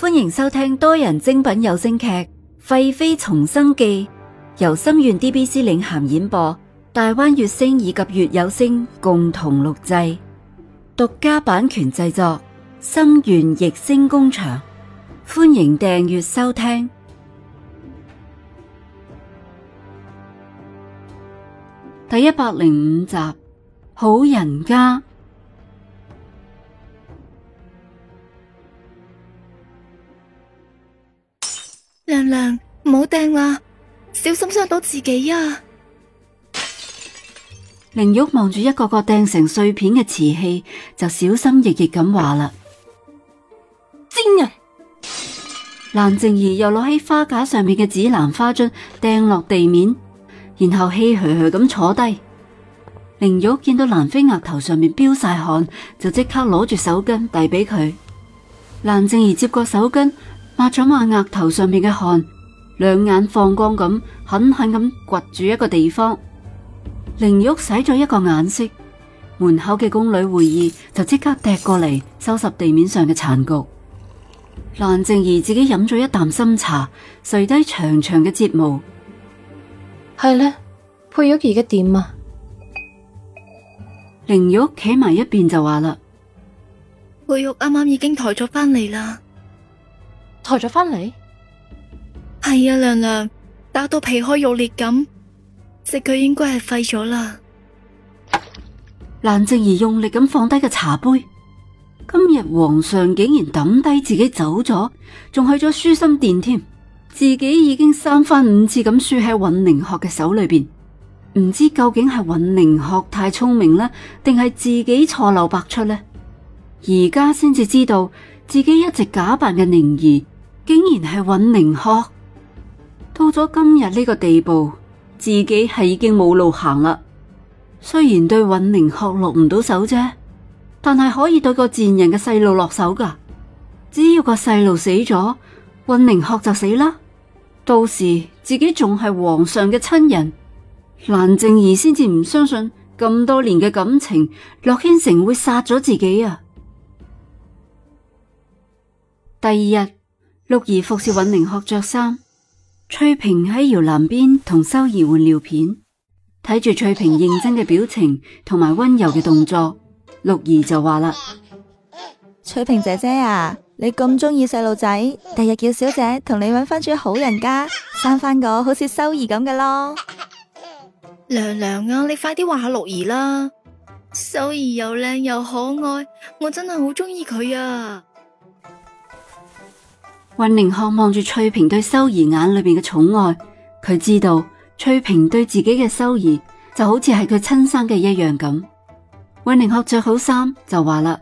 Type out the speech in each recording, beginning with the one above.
歡迎收聽多人精品有聲劇《廢妃重生記》，由心願 D B C 領銜演播，大灣月星以及月有聲共同錄製，獨家版權製作，心願逸聲工場。歡迎訂閱收聽第一百零五集《好人家》。娘，唔好掟啦，小心傷到自己啊！凌玉望住一個個掟成碎片嘅瓷器，就小心翼翼咁話啦。驚啊！」蘭靜儀又攞起花架上面嘅紫蘭花樽掟落地面，然後氣嘘嘘咁坐低。凌玉見到蘭妃額頭上面飆晒汗，就即刻攞住手巾遞俾佢。蘭靜儀接過手巾。抹咗抹額頭上面嘅汗，兩眼放光咁，狠狠咁掘住一個地方。凌玉使咗一個眼色，門口嘅宮女回憶就即刻趯過嚟收拾地面上嘅殘局。蘭靜兒自己飲咗一啖深茶，垂低長長嘅睫毛。係呢，佩玉而家點啊？凌玉企埋一邊就話啦，佩玉啱啱已經抬咗返嚟啦。抬咗翻嚟，係啊，娘娘打到皮開肉裂咁，食佢應該係廢咗啦。蘭靜兒用力咁放低個茶杯，今日皇上竟然抌低自己走咗，仲去咗舒心殿添，自己已經三番五次咁輸喺尹寧鶴嘅手裏邊，唔知究竟係尹寧鶴太聰明呢，定係自己錯漏百出呢？而家先至知道自己一直假扮嘅寧兒。竟然係尹寧鶴，到咗今日呢個地步，自己係已經冇路行啦。雖然對尹寧鶴落唔到手啫，但係可以對個賤人嘅細路落手噶。只要個細路死咗，尹寧鶴就死啦。到時自己仲係皇上嘅親人，蘭靜兒先至唔相信咁多年嘅感情，洛軒成會殺咗自己啊！第二日。六兒服侍韻寧學着衫，翠平喺搖籃邊同修兒換尿片，睇住翠平認真嘅表情同埋温柔嘅動作，六兒就話啦：翠平姐姐啊，你咁中意細路仔，第日叫小姐同你揾翻住好人家，生翻個好似修兒咁嘅咯。娘娘啊，你快啲話下六兒啦，修兒又靚又可愛，我真係好中意佢啊！温寧鶴望住翠平對修兒眼裏邊嘅寵愛，佢知道翠平對自己嘅修兒就好似係佢親生嘅一樣咁。温寧鶴着好衫就話啦：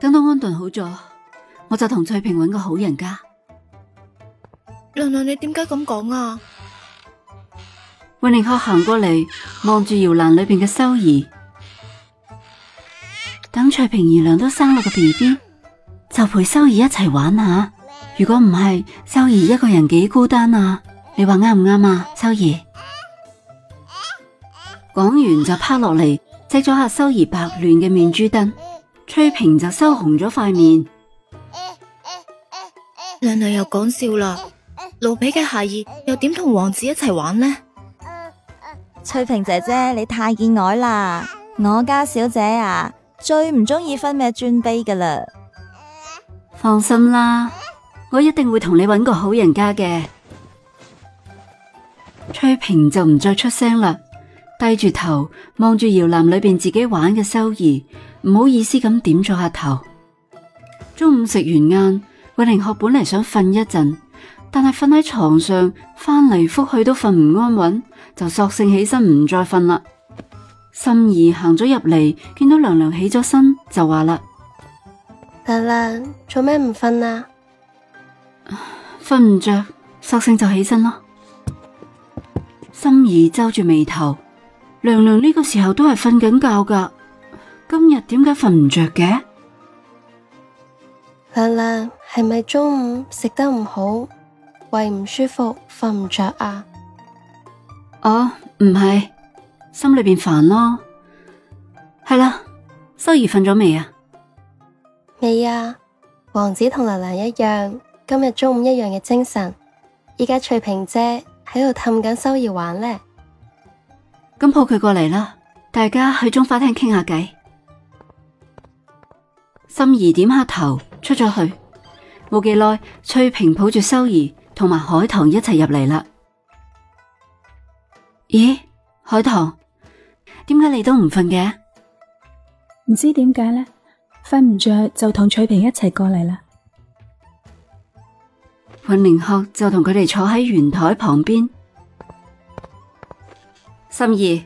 等到安頓好咗，我就同翠平搵個好人家。娘娘，你點解咁講啊？温寧鶴行過嚟，望住搖籃裏邊嘅修兒，等翠平姨娘都生落個 B B。就陪修兒一齊玩一下，如果唔係，修兒一個人幾孤單啊！你話啱唔啱啊？修兒講完就趴落嚟，擠咗下修兒白嫩嘅面珠燈，翠萍就收紅咗塊面。娘娘又講笑啦，奴婢嘅孩兒又點同王子一齊玩呢？翠萍姐姐你太見外啦，我家小姐啊最唔中意分咩尊卑噶啦。放心啦，我一定會同你揾個好人家嘅。翠平就唔再出聲啦，低住頭望住搖籃裏邊自己玩嘅修兒，唔好意思咁點咗下頭。中午食完晏，韋靈鶴本嚟想瞓一陣，但係瞓喺床上翻嚟覆去都瞓唔安穩，就索性起身唔再瞓啦。心兒行咗入嚟，見到娘娘起咗身，就話啦。娘娘，做咩唔瞓啊？瞓唔着，索性就起身咯。心怡皺住眉頭，娘娘呢個時候都係瞓緊覺噶今日點解瞓唔着嘅？娘娘，係咪中午食得唔好，胃唔舒服，瞓唔着啊？哦，唔係，心裏邊煩咯。係啦，心怡瞓咗未啊？未啊！王子同娘娘一樣，今日中午一樣嘅精神。依家翠平姐喺度氹緊修兒玩呢。咁抱佢過嚟啦。大家去中花廳傾下偈。心兒點下頭，出咗去。冇幾耐，翠平抱住修兒同埋海棠一齊入嚟啦。咦？海棠，點解你都唔瞓嘅？唔知點解咧？瞓唔着就同翠平一齊過嚟啦。雲玲鶴就同佢哋坐喺圓台旁邊。心怡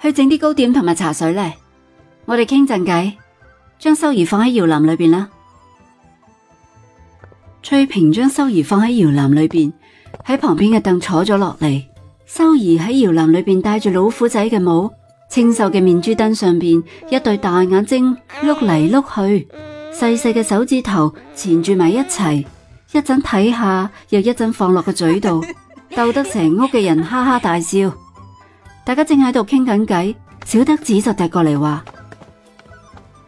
去整啲糕點同埋茶水嚟，我哋傾陣偈，將秀兒放喺搖籃裏邊啦。翠平將秀兒放喺搖籃裏邊，喺旁邊嘅凳坐咗落嚟。秀兒喺搖籃裏邊戴住老虎仔嘅帽。清秀嘅面珠燈上邊一對大眼睛碌嚟碌去，細細嘅手指頭纏住埋一齊，一陣睇下又一陣放落個嘴度，逗 得成屋嘅人哈哈大笑。大家正喺度傾緊偈，小德子就趯過嚟話：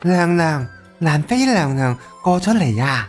娘娘，蘭妃娘娘過咗嚟呀！